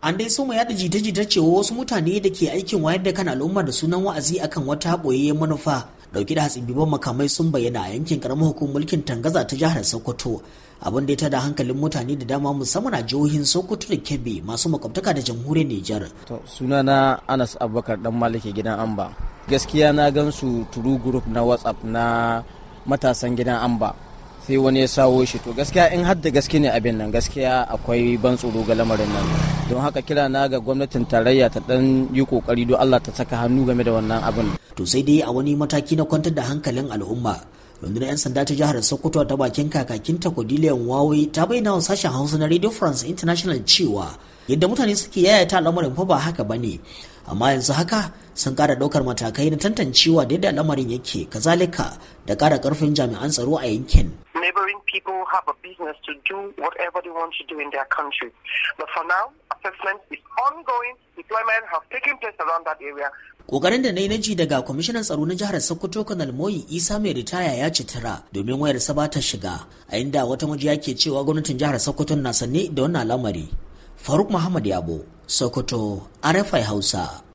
an dai so mu yada jita-jita cewa wasu mutane da ke aikin wayar da kan al'umma da sunan wa'azi akan wata boyayyen manufa dauke da hatsibiban makamai sun bayyana a yankin karamar hukumar mulkin tangaza ta jihar sokoto abin da ya tada hankalin mutane da dama musamman a jihohin sokoto da kebbi masu makwabtaka da jamhuriyar nijar na anas abubakar dan malike gidan amba gaskiya na su turu group na whatsapp na matasan gidan amba sai wani ya sawo shi to gaskiya in har da gaske ne abin nan gaskiya akwai ban tsoro ga lamarin nan don haka kira na ga gwamnatin tarayya ta dan yi kokari don Allah ta saka hannu game da wannan abin to sai dai a wani mataki na kwantar da hankalin al'umma rundunar 'yan sanda ta jihar sokoto ta bakin kakakin ta kodiliyan wawai ta bayyana wa sashen hausa na radio france international cewa yadda mutane suke yayata lamarin fa ba haka bane amma yanzu haka sun kara daukar matakai na tantancewa da yadda lamarin yake kazalika da kara karfin jami'an tsaro a yankin neighboring people have a business to do whatever they want to do in their country. But for now, assessment is ongoing. Deployment have taken place around that area. Kokarin da na yi naji daga kwamishinan tsaro na jihar Sokoto Kanal Moyi Isa mai ritaya ya ci tara domin wayar sa ba ta shiga a inda wata majiya ke cewa gwamnatin jihar Sokoto na sanne da wannan al'amari. Faruk Muhammad Yabo, Sokoto, RFI Hausa.